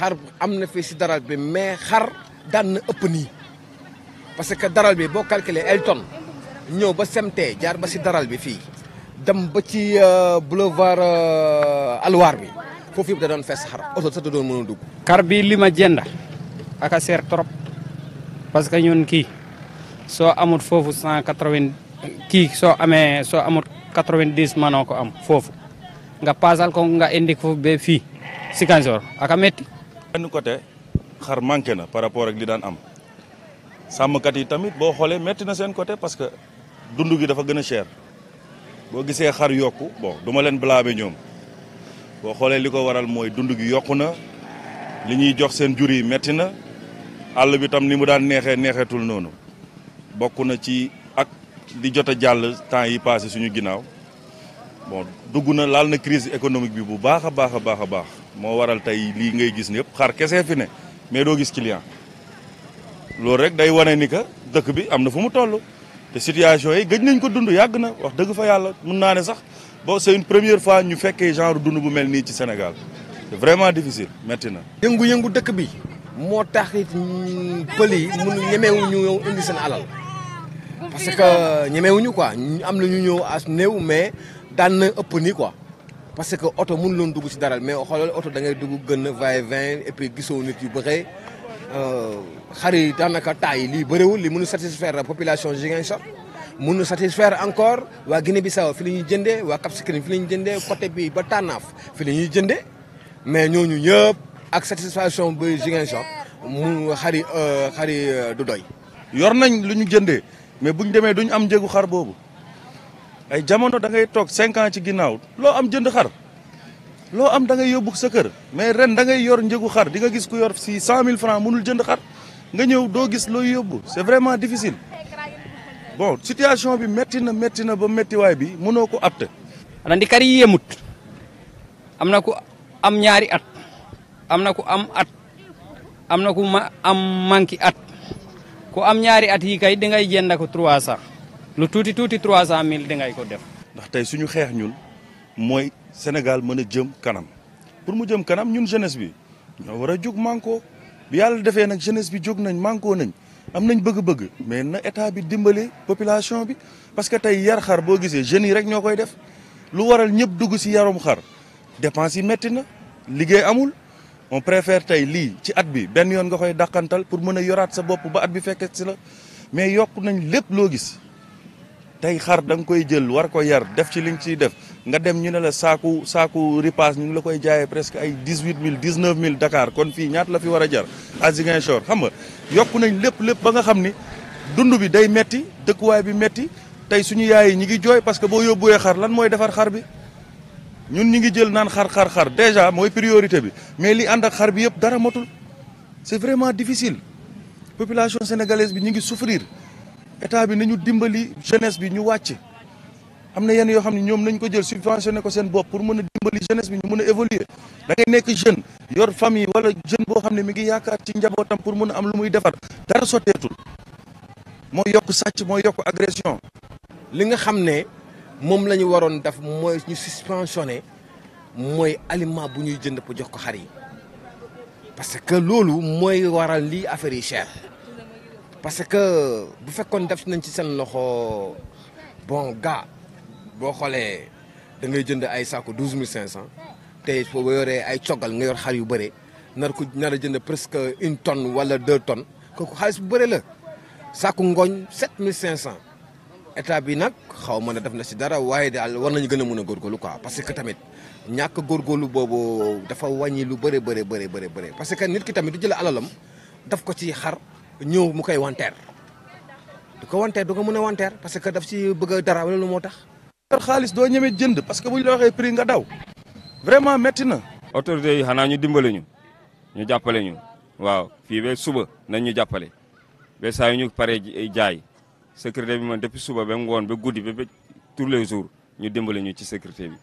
xar am na fi si daral bi mais xar daan na ëpp nii parce que daral bi boo calculer Elton ñëw ba semtee jaar ba si daral bi fii dem ba ci euh, boulevard euh, Alwaar bi foofu yëpp da doon fees xar oto sax da doon mën a dugg. xar bi li ma jënd ak seer trop parce que ñun kii soo amut foofu cent quatre-vingt kii soo amee soo amut quatre-vingt-dix mënoo ko am foofu nga paasal ko nga indi ko ba fii si Kanjoor ak a métti benn côté xar manqué na par rapport ak di daan am sàmmkat yi tamit boo xoolee métti na seen côté parce que dund gi dafa gën a cher boo gisee xar yokku bon du ma leen blâmer ñoom boo xoolee li ko waral mooy dund gi yokk na li ñuy jox seen jur yi métti na àll bi tam ni mu daan neexee neexeetul noonu bokk na ci ak di jot a jàll temps yi passé suñu ginnaaw bon dugg na laal na crise économique bi bu baax a baax a baax a baax moo waral tey lii ngay gis ni xar kese fi ne mais doo gis client loolu rek day wane ni que dëkk bi am na fu mu toll te situation yi gëj nañ ko dund yàgg na wax dëgg fa yàlla mun naa ne sax bon c'est une première fois ñu fekkee genre dund bu mel nii ci Sénégal c'est vraiment difficile metti na. yëngu-yëngu dëkk bi moo tax it pël yi mun ñemewuñu yow indi seen alal parce que ñemewuñu quoi am na ñu ñëw as néew mais daan na ëpp nii quoi parce que auto mënu loon dugg ci daral mais xoolal oto da ngay dugg gën a va-et-vient et puis gisoo nit yu bëre euh, xar yi daanaka taay lii bëriwul li mënu satisfaire la population Ziguinchor mën na satisfaire encore wa Guinée Bissau fi la ñuy jëndee waa Cap fi la ñuy côté bi ba tanaf fi la ñuy mais ñoñu ñëpp ak satisfaction bi Ziguinchor mu xari euh xari euh, du doy. yor nañ luñu jëndé mais buñ démé duñ am njëgu xar bobu ay jamono da ngay toog cinq ans ci ginnaaw loo am jënd xar loo am dangay yóbbu sa kër mais ren da ngay yor njëgu xar di nga gis ku yor si cent mille francs mënul jënd xar nga ñëw doo gis looy yóbbu c'est vraiment difficile bon situation bi métti na métti na ba méttiwaay bi mënoo ko atte randikaar yi yemut am na ku am ñaari at am na ku am at am na ku ma am manki at ko am ñaari at yi kay di ngay jënd ko trois cent lu tuti tuti 300000 di ngay ko def ndax tay suñu xex ñun moy sénégal mën jëm kanam pour mu jëm kanam ñun jeunesse bi ñoo wara a manko bi yalla defee nak jeunesse bi juk nañ manko nañ am nañ bëgg-bëgg mais na état bi dimbalé population bi parce que tay yar xar bo gisé jeune yi rek ñokoy koy def lu waral ñepp dugg ci yarum xar dépenses yi metti na liggéey amul on préfère tay li, ci at bi ben yoon nga koy dakantal. pour mëna yorat sa bop ba at bi fekk ci la mais nañ lepp lo gis tay xar dang koy jël war ko yar def ci liñ ci def nga dem ñu ne la saaku saaku ripaas ñu ngi la koy jaayé presque ay 18000 19000 Dakar kon fi ñaat la fi wara jar à Ziguinchor xam nga yokku nañ lepp lepp ba nga xamni dundu bi day metti dëkkuwaay bi metti tay suñu yaay ñi ngi joy parce que bo yóbbuwee xar lan moy défar xar bi ñun ñi ngi jël naan xar xar xar déjà moy priorité bi mais li ànd ak xar bi yépp dara matul c'est vraiment difficile population sénégalaise bi ñi ngi souffrir état bi nañu dimbali jeunesse bi ñu wàcce am na yenn yoo xam ne ñoom nañ ko jël subventionné ko seen bopp pour mën a dimbali jeunesse bi ñu mën a évoluer da ngay nekk jeune yor famille wala jeune boo xam ne mi ngi yaakaar ci njabootam pour mën am lu muy defar dara sotteetul moo yokk sàcc moo yokk agression. li nga xam ne moom la ñu waroon def mooy ñu suspensionné mooy aliment bu ñuy jënd pour jox ko xar yi parce que loolu mooy waral lii affaire yi cher. parce que bu fekkoon def nañ ci seen loxo bon gars boo xoolee da ngay jënd ay saako douze mille cinq cent tey boo yoree ay coggal nga yor xar yu bëre nar ko nar a jënd presque une tonne wala deux tonnes kooku xaalis bu bëre la saako ngooñ sept mille cinq cent état bi nag xaw ma ne def na si dara waaye daal war nañu gën a mën a góorgóorlu quoi parce que tamit ñàkk góorgóorlu boobu dafa wàññi lu bëre bëre bëre bëre parce que nit ki tamit du jël alalam daf ko ci xar ñëw mu koy wanteer du wanteer du ko mën a wanteer parce que daf ci bëgg dara wala lu moo tax. xaalis doo ñemee jënd parce que bu ñu la waxee nga daw vraiment métti na. autorités yi xanaa ñu dimbale ñu ñu jàppale ñu waaw fii ba suba nañ ñu jàppale ba saa yu ñu paree jaay sécurité bi man depuis suba ba ngoon ba guddi ba ba tous les jours ñu dimbale ñu ci sécurité bi.